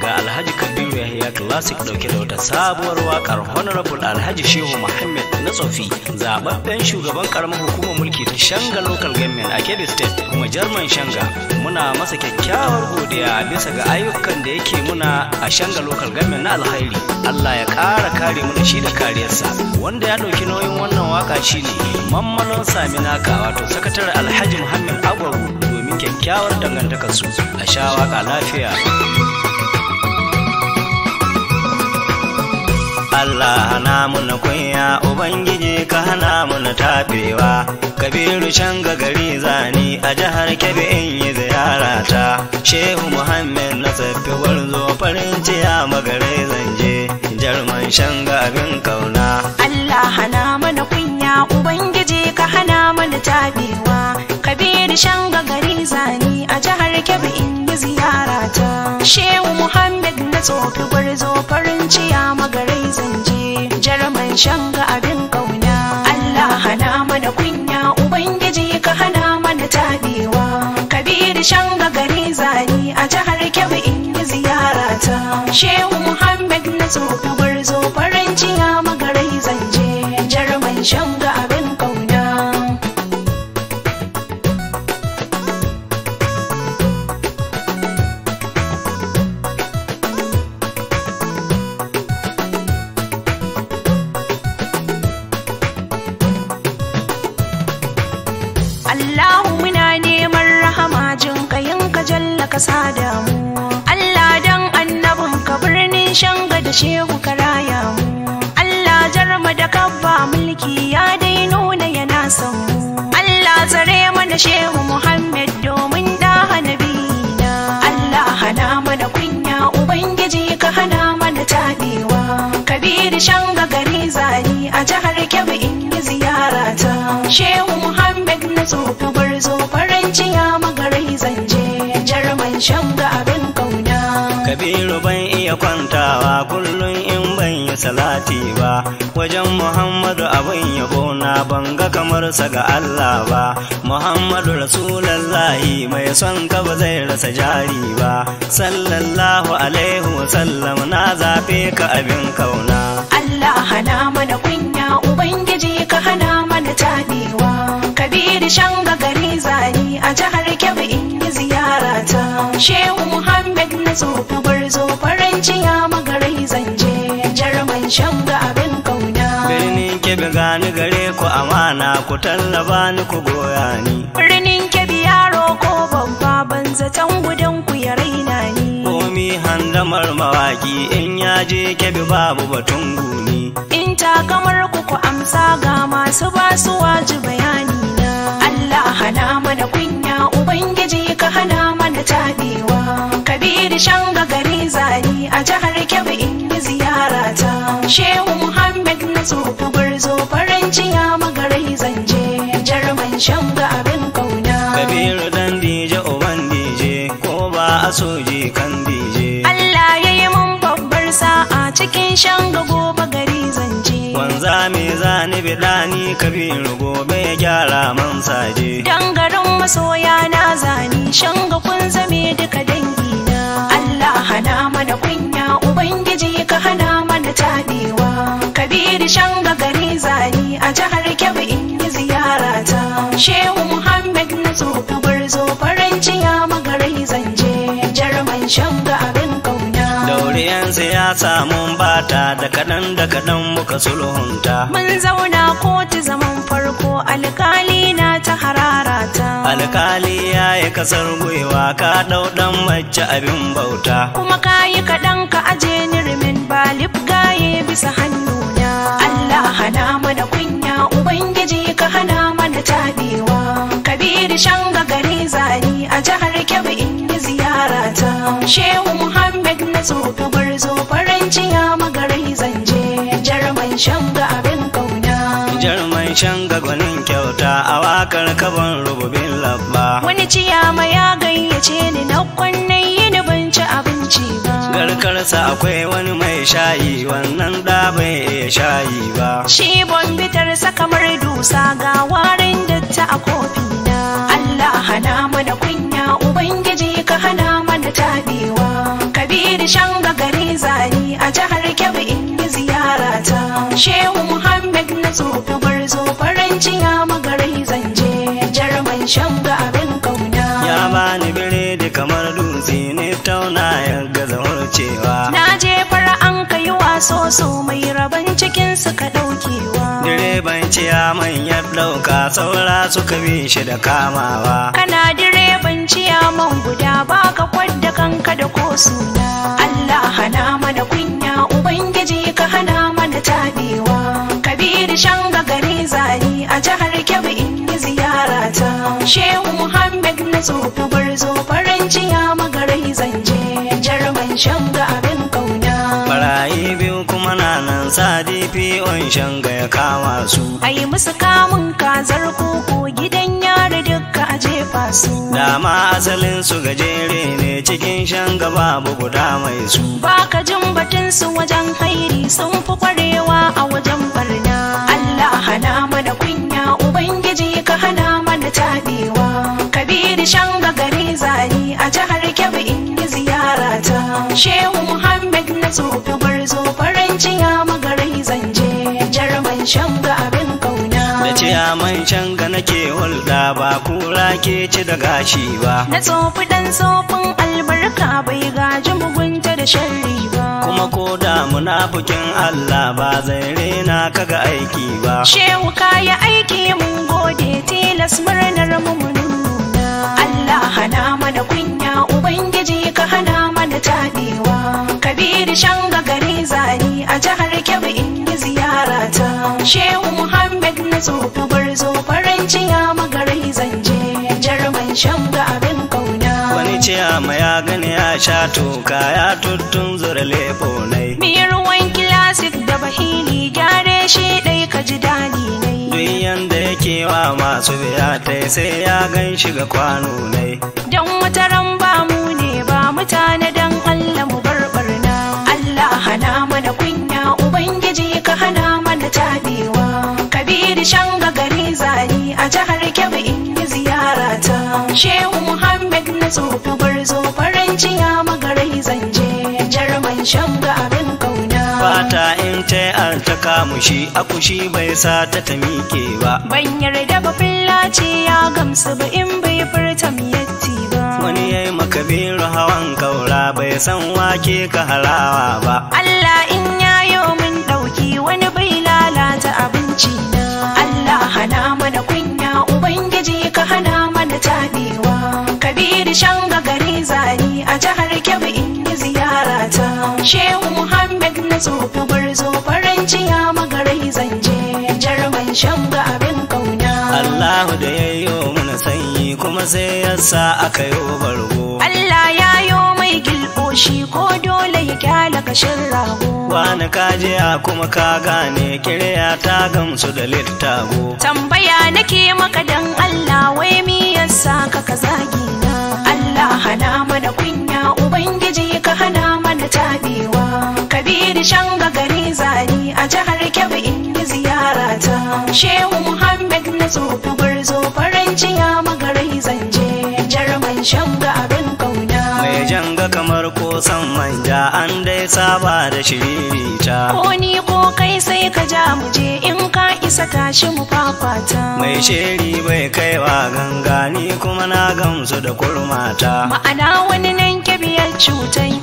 ga alhaji kabiru yahya classic dauke da wata sabuwar wakar honorable alhaji shehu muhammad na tsofi zababben shugaban karamar hukumar mulki ta shanga local government a kebbi state kuma jarman shanga muna masa kyakkyawar godiya bisa ga ayyukan da yake muna a shanga local government na alhairi allah ya kara kare mu da shi da kariyarsa wanda ya dauki nauyin wannan waka shine mammalon saminaka wato sakatare alhaji muhammad agwaru domin kyakkyawar su a sha waka lafiya Allah hana mun kunya Ubangiji ka hana muna taɓewa Kabiru shanga gari zani a jihar Kebbi in yi ziyarata. Shehu Muhammad na tafi warzo farin ciya magare zanje Jarman shanga abin kauna Allah hana mana kunya Ubangiji ka hana mun tafewa Kabiru shanga gari zani a jihar Kebbi in ziyara ta shehu muhammad na tsofi gwarzo farin ciya magarai zanje jarman shanga abin ƙauna. allah hana mana kunya ubangiji ka hana mana tabewa kabiru shanga gari zani a jihar kebbi in yi ziyara ta shehu muhammad na tsofi gwarzo farin ciya magarai zanje jarman shanga abin Ka kasa da mu Allah dan annabin ka birnin shanga da shehu ka raya mu Allah jarma da kabba mulki ya dai nuna yana son Allah tsare mana shehu Muhammad domin da hanabi na Allah hana mana kunya ubangiji ka hana mana tabewa kabiri shanga gari zani a jihar Kebbi in yi ta. shehu Muhammad na tsofi gwarzo farin ciya magarai zanje ban abin kauna kabiru ban iya kwantawa kullum in ban yi salati ba wajen muhammadu abin ya na ban ga kamar sa ga allah ba muhammadu rasulallahi mai son ka ba zai rasa jari ba sallallahu alaihi wasallam na zafe ka abin kauna allah hana mana kunya ubangiji ka hana mana tabewa kabiru shanga gari zani a jihar kyau shehu muhammad na bar zo farin ciya magarai zance jarman shanga abin kauna birnin bi gani gare ku amana ku tallaba ni ku goya ni birnin bi yaro ko babba ban zaton gudan ku ya raina ni komi handamar mawaki in ya je bi babu batun guni in takamar ku ku amsa ga masu basu waji bayani na Allah hana mana kunya ubangiji ka hana mana taɓewa kabiru shanga gari zani a jihar kebbi in yi ziyara ta shehu muhammad na tsofi gwarzo faranci ya magarai zanje jarman shanga abin kauna kabiru dan dije uban dije ko ba a soji kan dije allah ya yi mun babbar sa'a cikin shanga gobe gari zanje wanza mai zani biɗani kabiru gobe ya gyara man saje dangare masoya na zani shanga kun zame duka dangi na Allah hana mana kunya ubangiji ka hana mana tabewa kabiri shanga gari zani a jihar Kebbi in yi ta shehu Muhammad na tsofi na samun bata da kaɗan da kaɗan muka sulhunta. Mun zauna kotu zaman farko alkali na ta hararata. Alkali ya yi kasar gwiwa ka ɗau ɗan mace abin bauta. Kuma ka yi kaɗan ka aje nirmin balif gaye bisa hannuna. Allah hana mana kunya Ubangiji ka hana mana tabewa. Kabiru shan gari zani a jihar Kebbi ta shehu muhammad na zo ka zo faranci ya magarai zanje jarman shanga abin kauna jarman shanga gwanin kyauta a wakar kaban rububin labba wani ciyama ya gayyace ni na kwannan yi abinci ba garkarsa akwai wani mai shayi wannan da bai iya shayi ba shi bon bitarsa kamar dusa ga warin datta a kofi na Allah hana mana kunya ubangiji ka hana zaɓewa kabiru shanga gari zani a jihar kebbi in yi ziyara ta shehu muhammad na tsofi gwarzo farin ciya magarai zanje jarman shanga abin kauna ya bani biredi kamar dutse ne tauna ya gaza cewa na je fara an kai waso so mai rabon cikinsu suka ɗaukewa direban ciyaman ya ɗauka saura suka bi shi da kamawa kana direban man guda baka kwadda kanka da ko suna Allah hana mana kunya ubangiji ka hana mana tabewa Kabiru shanga gari zari a jihar Kebbi in yi ziyara ta Shehu Muhammad na bar gwarzo farin ciya magarai zanje jarman shanga abin an sa on shanga ya kama su ai musu kamun kazar koko gidan yari dukka a jefa su dama asalin su gajere ne cikin shanga babu guda mai su ka jin batun su wajen hairi sun fi kwarewa a wajen barna Allah hana mana kunya ubangiji ka hana mana tabewa kabiru shanga gari zani a jihar Kebbi in yi ziyara ta. shehu Muhammad na tsofi gwarzo zuciya magarai zanje jarman shanga abin kauna Na ciya man shanga nake hulɗa ba kura ke ci da gashi ba na tsofi dan tsofin albarka bai gaji mugunta da sharri ba kuma ko da munafikin Allah ba zai rena kaga aiki ba shehu kayi aiki mun gode tilas murnar mu nuna Allah hana mana kunya ubangiji ka hana mana tadewa kabiru shanga gari zani a jihar kebbi in yi ziyara ta shehu muhammad na tsofa zo farin ciya magarai zanje jarman shanga abin kauna wani ciya ma ya gani ya sha toka ya tuttun zura lefo nai ruwan kilasik da bahili gyare shi ɗai ka ji dadi nai duk yanda yake wa masu biya tai sai ya gan shiga kwano nai don wata ramba mu ne ba mutane shehu muhammad na tsofi gwarzo ya ciya magarai zanje jarman shamga abin kauna fata in ta an ta kamu shi akushi bai sa ta ta miƙe ba ban yarda ba fillaci ya gamsu ba in bai furta miyatti ba wani yi maka biru hawan kaura bai san wake ka halawa ba Allah in yayo min dauki wani bai lalata abinci na Allah hana mana na zo kubar zo faranciya magarai zanje jarman abin kauna Allahu da yayyo mana sanyi kuma sai ya sa aka yi bargo Allah ya yi mai gilbo shi ko dole ya kyala kashin rago wani kajiya kuma ka gane kirya ta gamsu da littago tambaya nake maka dan Allah wai mi yasa ka ka zagi na Allah hana mana sa'idu shanga gari zani a jihar kebbi inda ziyara ta shehu muhammad na tsofi gwarzo faranci ya magarai zance jarman shanga abin kauna mai janga kamar ko kosan manja an dai saba da shiririta ko ni ko kai sai ka ja mu je in ka isa tashi mu fafata mai sheri bai kaiwa ganga ni kuma na gamsu da kurmata ma'ana wani nan kebiyar cutan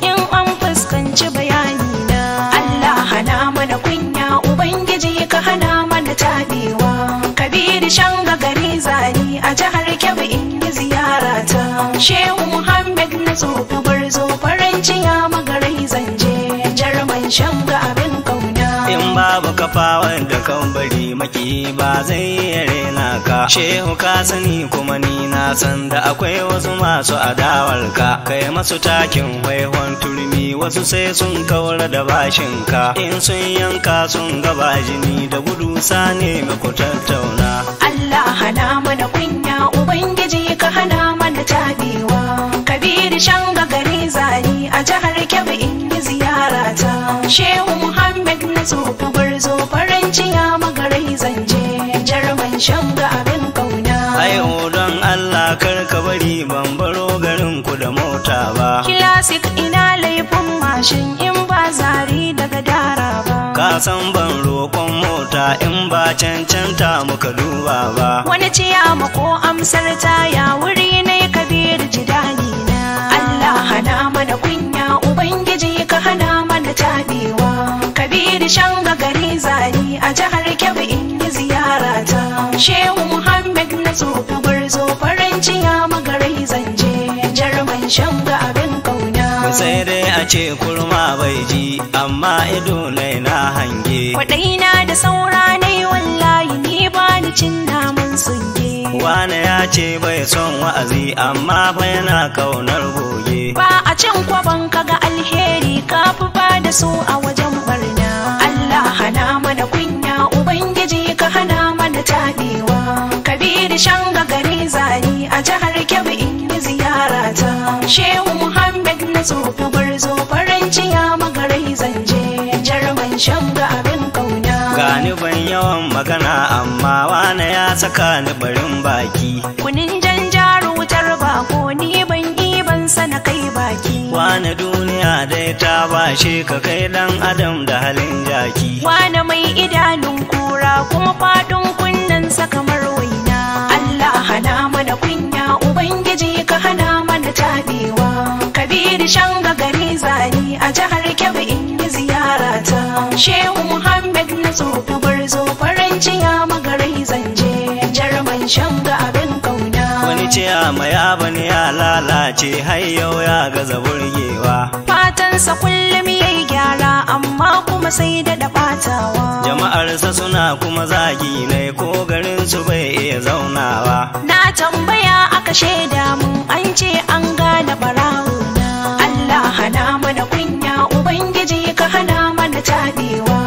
shehu muhammad na tsofa gwarzo faranci ya magarai zanje jarman shan ga abin kauna in babu kafawar da kan bari maki ba zai rena ka shehu ka sani kuma ni na san da akwai wasu masu adawar ka kai masu takin waihon turmi wasu sai sun kawar da bashin ka in sun yanka sun gaba jini da gudu sane ga ku tattauna Allah hana mana kunya ubangiji ka hana mana tabi Sa'id Shanga gari zani a jihar Kebbi in yi ziyara Shehu Muhammad na tsofi gwarzo farin ya magarai zanje. Jarman Shanga abin kauna. Ai don Allah kar ka bari ban baro garin ku da mota ba. Classic ina laifin mashin in ba zari daga dara ba. Ka san ban roƙon mota in ba cancanta muka duba ba. Wani ciyama ko amsar taya wuri ne kabir jidani. Allah hana mana kunya ubangiji ka hana mana taɓewa kabiri shanga gari zari a jihar kebbi in yi ziyara ta shehu muhammad na tsofi gwarzo farin ciya magarai zanje jarman shanga abin kauna sai dai a ce kurma bai ji amma ido na hange kwaɗaina da saura ne wallahi cin damun sunge wane ya ce bai son wa'azi amma fa yana kaunar goge ba a cin kwaban kaga alheri ka fi ba da su a wajen barna Allah hana mana kunya ubangiji ka hana mana tabewa kabiru shanga gari zani a jihar Kebbi in ziyara ta shehu Muhammad na tsofi gwarzo farin ciya magarai zanje jarman shanga abin kau ban yawan magana amma wane ya saka ni barin baki kunin jan jaru wutar bako ni ban ban sana kai baki wane duniya dai ta ba shi ka kai dan adam da halin jaki wane mai idanun kura kuma fadin kunnen sa kamar waina Allah hana mana kunya ubangiji ka hana mana tabewa kabiri shanga gari zani a jihar Kebbi in yi ziyarata shehu Muhammad na ciya magarai zanje jarman shanga abin kauna wani ciya maya bane ya lalace har yau ya gaza burgewa fatansa kullum yayi gyara amma kuma sai da da Jama'ar jama'arsa suna kuma zagi ne ko garin su bai iya zaunawa na tambaya aka shaida mun an ce an gane barawo na Allah hana mana kunya ubangiji ka hana mana tabewa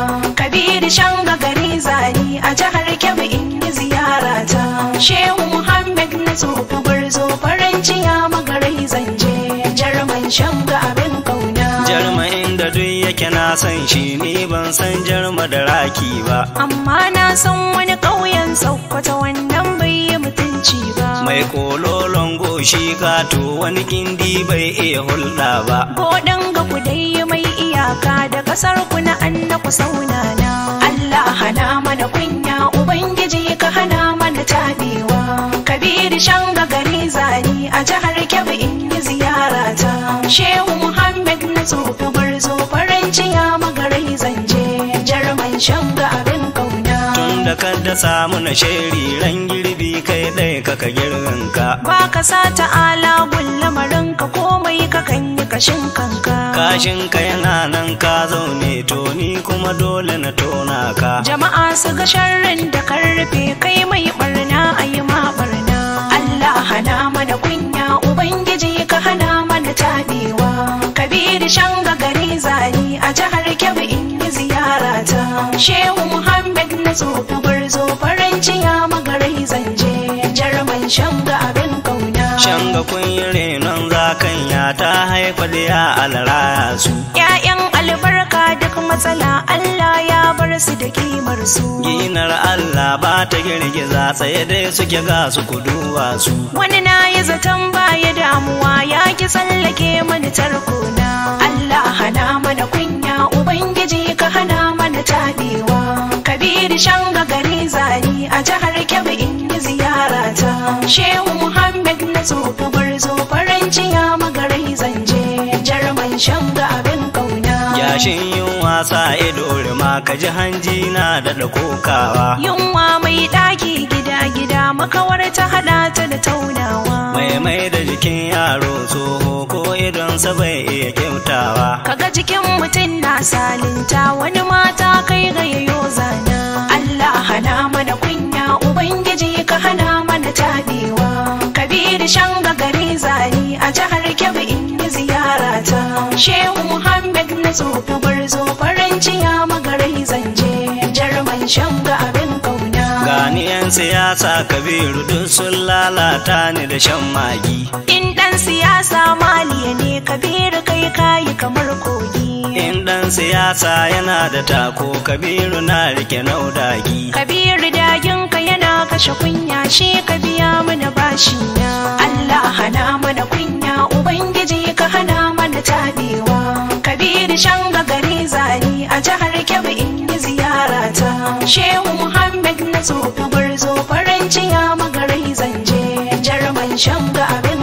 kabiri shanga gari zani a jihar Kebbi in yi ziyara ta. Shehu Muhammad na tsofi gwarzo faranci ya magarai zance. Jarman shamga abin kauna. Jarma da duk yake na san shi ni ban san jarma da raki ba. Amma na san wani ƙauyen Sokoto wannan bai yi mutunci ba. Mai kololon goshi kato wani kindi bai iya hulɗa ba. Ko ɗan ga ku dai mai iyaka da ƙasar ku na an na Allah hana mana kunya ubangiji ka hana mana tabewa kabiri shanga gari zani a jihar kebbi in yi ziyara ta shehu muhammad na tsofi gwarzo farin ciya magarai zanje jarman shanga abin kauna tun da kada samu na sheri kai ɗai kaka girminka ba ka sa ta'ala lamarin ka komai ka kan yi kashin kanka kashin ka yana nan ka zaune to ni kuma dole na tona ka jama'a su ga sharrin da karfe kai mai barna a yi ma barna Allah hana mana kunya ubangiji ka hana mana tabewa kabiri shanga gari zani a jihar kebbi in yi ziyara ta. shehu muhammad na tsofi gwarzo farin ma haikwaliya alara su Ya'yan albarka duk matsala Allah ya bar su da kimar su ginar Allah ba ta girgiza tsaye dai suke ga su kuduwa su wani na yi zaton baya damuwa ya ki tsallake mani tarkona Allah hana mana kunya ubangiji ka hana mana tabewa kabiri shanga gari zani a jihar kebbi in ziyara ziyarata shehu muhammad na tsofi gwarzo farin kashin yunwa sa ido rima ka ji hanji na daɗa kokawa. Yunwa mai ɗaki gida-gida makawar ta haɗa ta da taunawa. Mai mai da jikin yaro tsoho ko sa bai iya kyautawa. Kaga jikin mutum na salinta wani mata kai ga gayayo zana. Allah hana mana kunya Ubangiji ka hana mana taɓewa. Kabiru shan gari zani a jihar Kebbi in yi ta. Shehu Muhammad zo ku bar zo farin magarai jarman shan ga abin kauna gani yan siyasa kabiru duk sun lalata ni da shan magi in dan siyasa maliya ne kabiru kai kayi kamar kogi in dan siyasa yana da tako kabiru na rike naudagi kabiru dagin kai kashe kunya shi ka biya mana bashi na Allah hana mana kunya ubangiji ka hana mana tabewa kabiri shan gari zani a jihar Kebbi in yi ziyara ta Shehu Muhammad na tsofi gurzo farin ciya magarai zanje jarman shan ga abin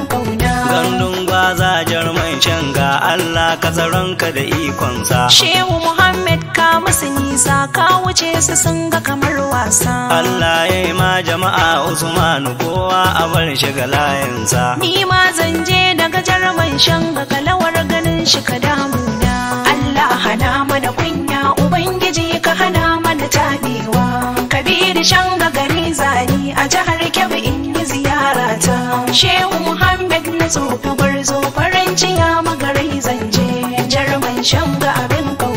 ka ka da ikonsa shehu muhammad ka musu nisa ka wuce su sun ga kamar wasa allah ya yi ma jama'a Usman kowa a bar shi ga layinsa ni ma zan je daga jarman shan ga kalawar ganin shi ka damu na. allah hana mana kunya ubangiji ka hana mana tabewa sa'idu shanga gari zani a jihar kebbi in yi ziyara ta shehu muhammed na tsofi gwarzo farin ciya magarai zanje jarman shanga abin kawo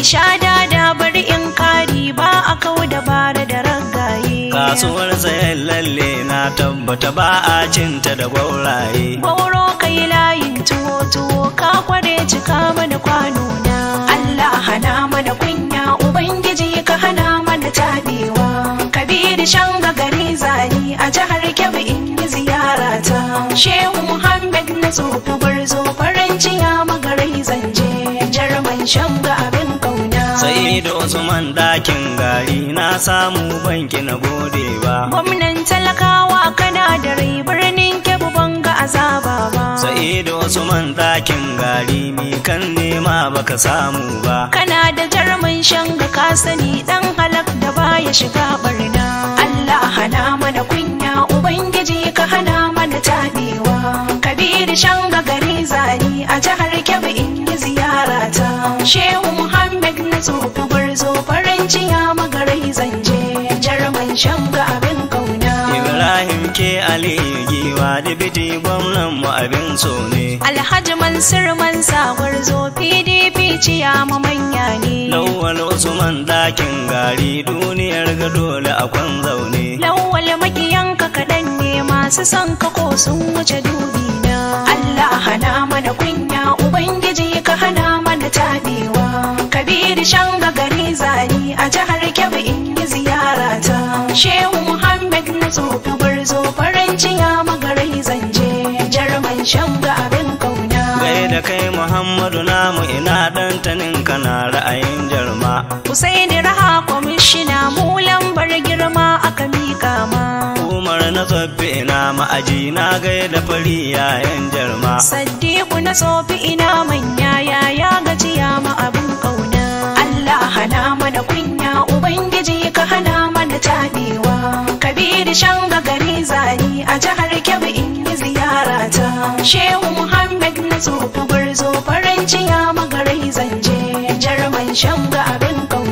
Shada da bar in kari ba a kawo dabara da ragaye. Kasuwar sayan lalle na tabbata ba a cinta da gwauraye. Gwauro kai layin tuwo tuwo ka kware cika mana kwano na. Allah hana mana kunya Ubangiji ka hana mana tabewa. Kabiru shanga gari zani a jihar shehu muhammad na tsofi gwarzo ya magarai zanje jarman shamga abin kauna sai da usman dakin gari na samu banki na gode ba gwamnan talakawa kana da rai birnin kebu banga azaba ba sai da usman dakin gari mi kan nema baka samu ba kana da jarman shanga ka sani dan halak da baya shiga barna Allah hana mana kunya ubangiji ka hana shanga gari zani a jihar Kebbi in yi ziyara ta. Shehu Muhammad na tsofi gwarzo farin jiya magarai zanje, jarman shanga abin kauna. Ibrahim ke Ali giwa da bidi gwamnan mu abin so ne. Alhaji Mansur Mansa gwarzo PDP ciya ma manya ne. Lawal Usman dakin gari duniyar ga dole a kwan zaune. Lawal makiyanka kaɗan ne masu son kako sun wuce dubi. Allah hana mana kunya ubangiji ka hana mana tabewa kabiri shanga gari zani a jihar Kebbi in yi ziyara ta Shehu Muhammad na tsofi gwarzo farin ciya magarai zanje jarman shanga abin kauna Gai da kai Muhammadu namu ina dan tanin kana ra'ayin jarma Husaini raha kwamishina mu lambar girma tsoffi ina ma'aji na gai da fari yayan jarma. Saddiu na tsofi ina manya yaya gajiya ma abin kauna. Allah hana mana kunya Ubangiji ka hana mana taɓewa. Kabiru shanga gari zani a jihar Kebbi in yi ziyara ta. Shehu Muhammad na tsofi gurzo farin ciya magarai zanje. Jarman shanga abin kauna.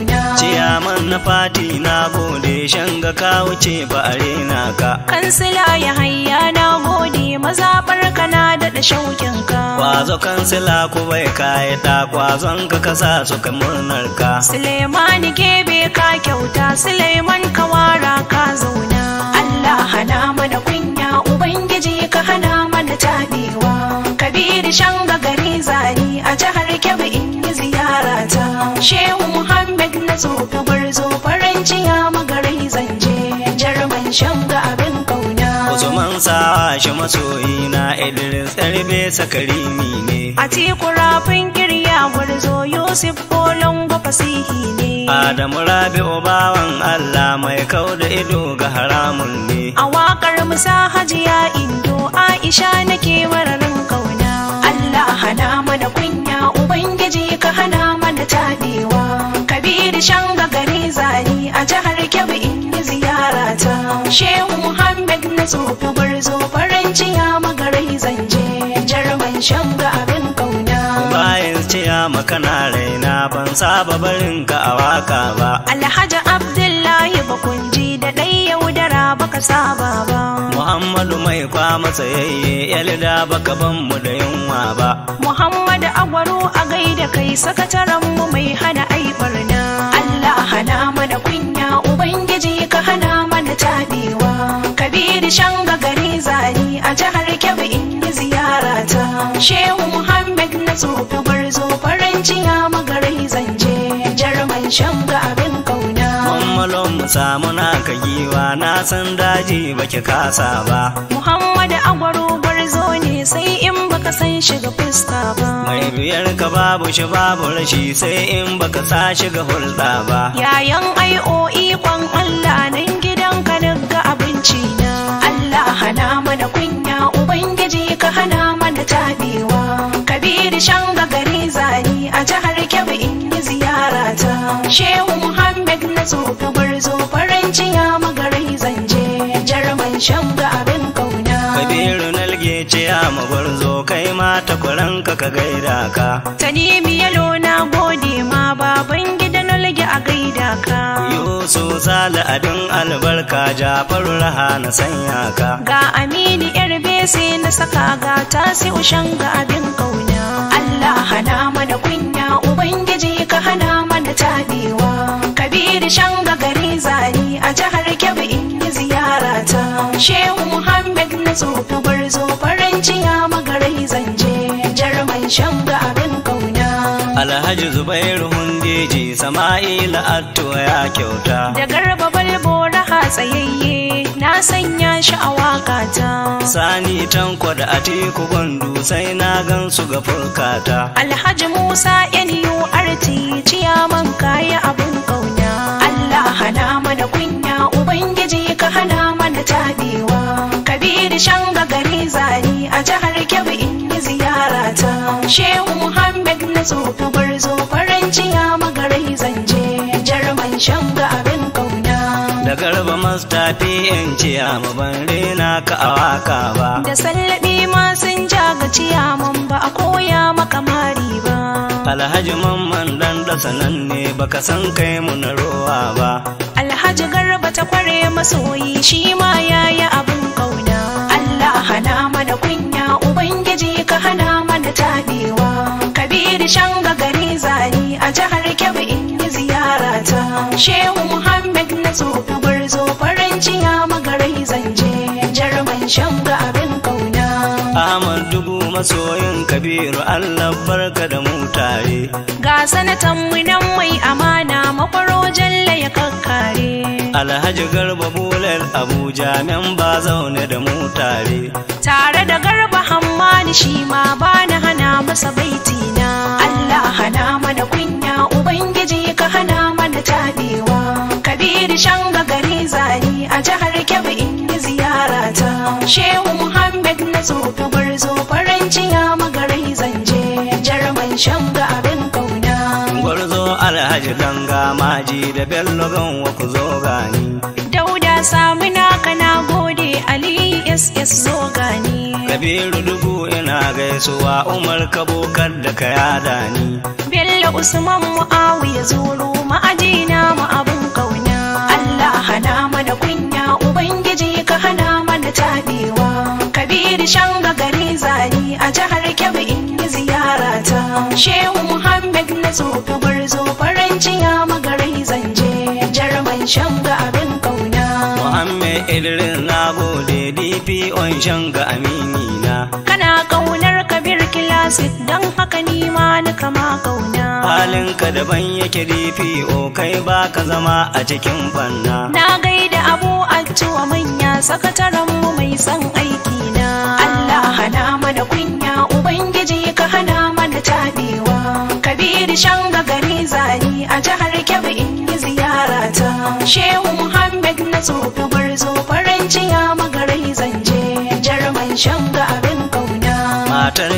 man na fati na gode shanga ka wuce ba arena ka kansila ya hayya na gode maza ka na daɗa shaukin ka kwazo kansila ku bai kayi ta kwazon ka kasa su ka murnar ka suleiman gebe ka kyauta suleiman ka wara ka zauna allah hana mana kunya ubangiji ka hana mana tabewa kabiru shanga gari zani a jihar kebbi in yi ta. shehu muhammad shi masoyina Idris Darbe sakari ne. A kurafin kirya gurzo Yusuf kolon fasihi ne. Adamu rabi bawan Allah mai kau da ido ga haramun ne. A wakar musa hajiya indo Aisha nake mararin kauna. Allah hana mana kunya Ubangiji ka hana mana tadewa Kabiru shan gagare zani a jihar Kebbi ta shehu muhammad na tsofi gwarzo farin ciya magarai zanje jarman shanga abin kauna bayan ciya makana raina ban saba barin ka a waka ba alhaji abdullahi bakunji da ɗai yaudara baka saba ba muhammadu mai kwama tsayayye yalda baka ban mu da yunwa ba muhammadu agwaro a gaida kai sakataren mu mai hana aibar na allah hana mana shanga gari zani a jihar Kebbi in yi ziyara ta. Shehu Muhammad na tsofi gwarzo farin ciya magarai zance, jarman ga abin kauna. Mammalon mu samu na kagiwa na san daji baki kasa ba. Muhammad Agwaro gwarzo ne sai in baka san shi ga fuska ba. Mai biyar ka babu shi babu rashi sai in baka sa shi ga hulɗa ba. Yayan ai'o'i e, kwan Allah ne hana mana kunya ubangiji ka hana mana tabewa kabiru shanga gari zani a jihar kebbi in yi ziyara ta shehu muhammad na tsofi zo farin ciya magarai zanje jarman shanga abin kauna kabiru nalge ciya magwarzo kai ma kuranka ka gaida ka tanimi yalo na gode ma baban ka Yusu Sale abin albarka Jafaru raha na sanya ka Ga Aminu yar bese na saka ga tasi ushan ga abin kauna Allah hana mana kunya Ubangiji ka hana mana tabewa Kabiru shanga gari zani a jihar Kebbi in yi ziyara ta Shehu Muhammad na bar zo faranci ya magarai zanje Jarman shanga abin kauna Alhaji Zubairu ji Sama'ila Atto ya kyauta. Da garba balbo raha tsayayye na sanya shi a wakata. Sani tanko da teku gondu sai na gansu ga furkata. Alhaji Musa NURT ciyaman kaya abun kauna. Allah hana mana kunya Ubangiji ka hana mana tabewa. Kabiru shanga gari zari a jihar Kebbi shehu muhammad na tsoka barzo faranciya magarai zance jarman shanga abin kauna da garba masta yan ciya ah, mu ban rena ka a waka ba da sallabi ma sun jaga ciya mun ba a koya maka mari ba alhaji mamman dan da sanan ne baka san kai mu na ruwa ba alhaji garba ta kware masoyi shi ma yayi abin hana mana kunya ubangiji ka hana mana taɓewa kabiri shanga gari zani a jihar kebbi in yi ziyara ta shehu muhammad na tsofi gwarzo farin ciya magarai zanje jarman shanga abin kauna masoyin kabiru Allah barka da mutaye. Ga sanatan nan mai amana makwaro jalla ya kakkare. Alhaji Garba Bulal Abuja nan ba zaune da mutare. Tare da Garba Hammani shi ma ba na hana masa baiti na. Allah hana mana kunya Ubangiji ka hana mana tabewa. sa'idu shanga gari zani a jihar kebbi inda ziyara ta shehu muhammad na tsofi gwarzo faranci ya magarai zance jarman shanga abin kauna gwarzo alhaji ganga maji da bello gan wa ku zo gani dauda samu naka na gode ali ss zo gani kabiru dubu ina gaisuwa umar kabokar da ka yada ni bello usman mu'awiya zuru ma'ajina mu abu a jihar Kebbi in yi ziyara ta. Shehu Muhammad na tsofi gwarzo ciya magarai zanje, jarman shan ga abin kauna. Muhammad Idris na gode DP on shan ga amini na. Kana kaunar ka acid don haka nima ma ni kama kauna halinka daban yake DPO kai baka zama a cikin banna na gaida abu a cewa manya sakataren mu mai son aiki na Allah hana mana kunya ubangiji ka hana mana tabewa kabiri shanga gari zani a jihar Kebbi in yi ziyara ta Shehu Muhammad na tsofi gwarzo farin magarai zanje jarman ga abin kauna matar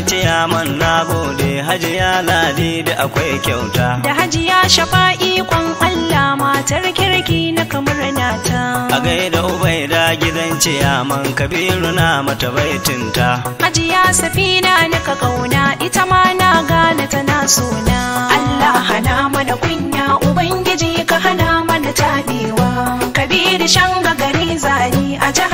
man na gode hajiya ladi da akwai kyauta da hajiya shafa'i kwan allah matar kirki na kamar nata a gaida ubaida gidan ciyaman kabiru na mata baitinta hajiya safina na ka kauna ita ma na gane ta na suna allah hana mana kunya ubangiji ka hana mana tadewa kabiru shanga gari zari a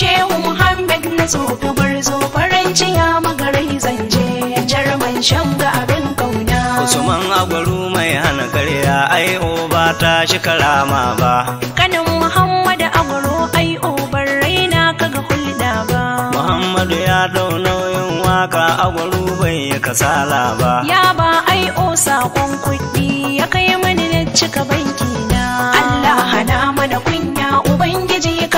shehu muhammad na tsofi gurzo ya ciya magarai zanje jarman shamga abin kauna usman agwaru mai hana karya ai ba ta shi karama ba kanin muhammad agwaro ai obar raina kaga hulɗa ba muhammad ya dau nauyin waka agwaru bai yi kasala ba ya ba ai o sakon kuɗi ya kai mani na cika banki na Allah hana mana kunya ubangiji ya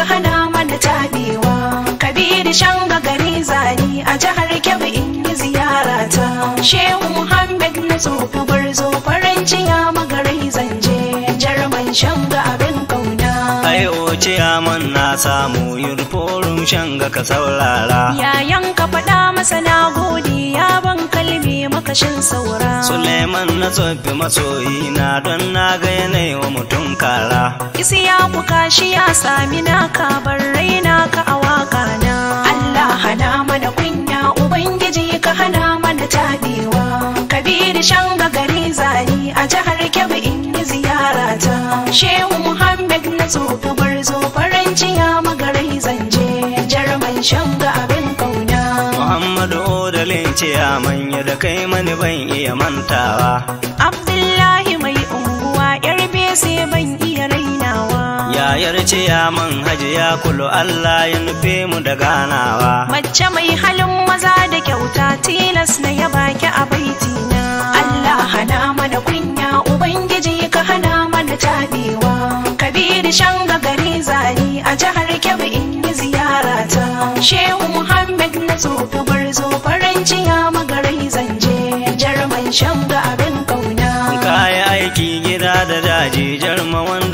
ciya magarai zanje jarman shanga abin kauna ai o ciya man na samu yurforum shanga ka saurara yayan ka faɗa masa na gode ya ban kalbi makashin saura suleiman na tsofi masoyi na don na ga yanayi wa mutum kara isi ya kuka shi ya sami na ka bar raina ka a waka na Allah hana mana kunya ubangiji ka hana mana tabewa shanga gari zari a jihar Kebbi in yi ziyara ta. Shehu muhammed na tsofi gwarzo faranci ya magarai zanje jarman shanga abin kauna. Muhammadu Odalin ya manya da kai mani ban iya mantawa. Abdullahi mai unguwa yar bese ban iya rainawa. Yayar ciya man ya kulu Allah ya nufe mu da ganawa. Mace mai halin maza da kyauta tilas na ya baki a baitina. hana mana kunya ubangiji ka hana mana tabewa kabiri shanga gari zani a jihar kebbi in yi ziyara ta shehu muhammad na tsofi gwarzo farin ciya magarai zanje jarman shanga abin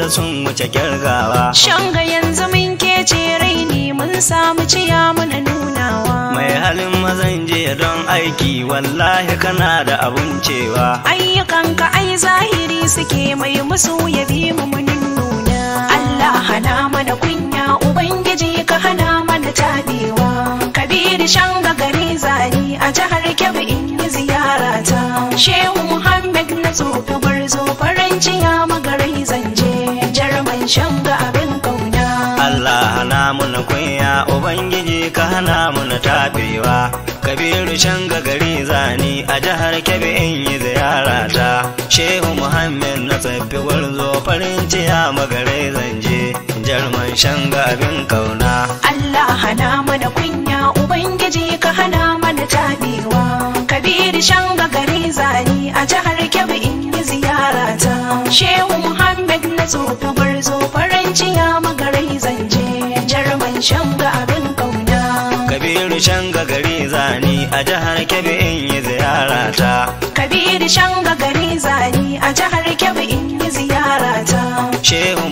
da sun wuce kirgawa shanga yanzu mun cerai ne mun samu ciya muna nunawa mai halin mazan je don aiki wallahi kana da abun cewa ayyukanka ai zahiri suke mai musu ya bi mu munin nuna Allah hana mana kunya ubangiji ka hana mana tabewa kabiri shanga gari zani a jihar Kebbi in yi ziyara ta. shehu Muhammad na tsofi gwarzo farin mana kunya ubangiji ka hana na taɓewa kabiru shanga gari zani a jihar kebbi in yi ziyara ta shehu muhammed na tsaffi gwarzo farin ciya magare zanje jarman shanga abin kauna allah hana mana kunya ubangiji ka hana mana taɓewa kabiru shanga gari zani a jihar kebbi in yi ziyara ta shehu muhammed na tsaffi gwarzo farin ciya magare zanje shanga abin kauna kabiru shanga gari zani a jihar kebbi in yi ziyarata. kabiru shanga gari zani a jihar kebbi in yi ziyara ta shehu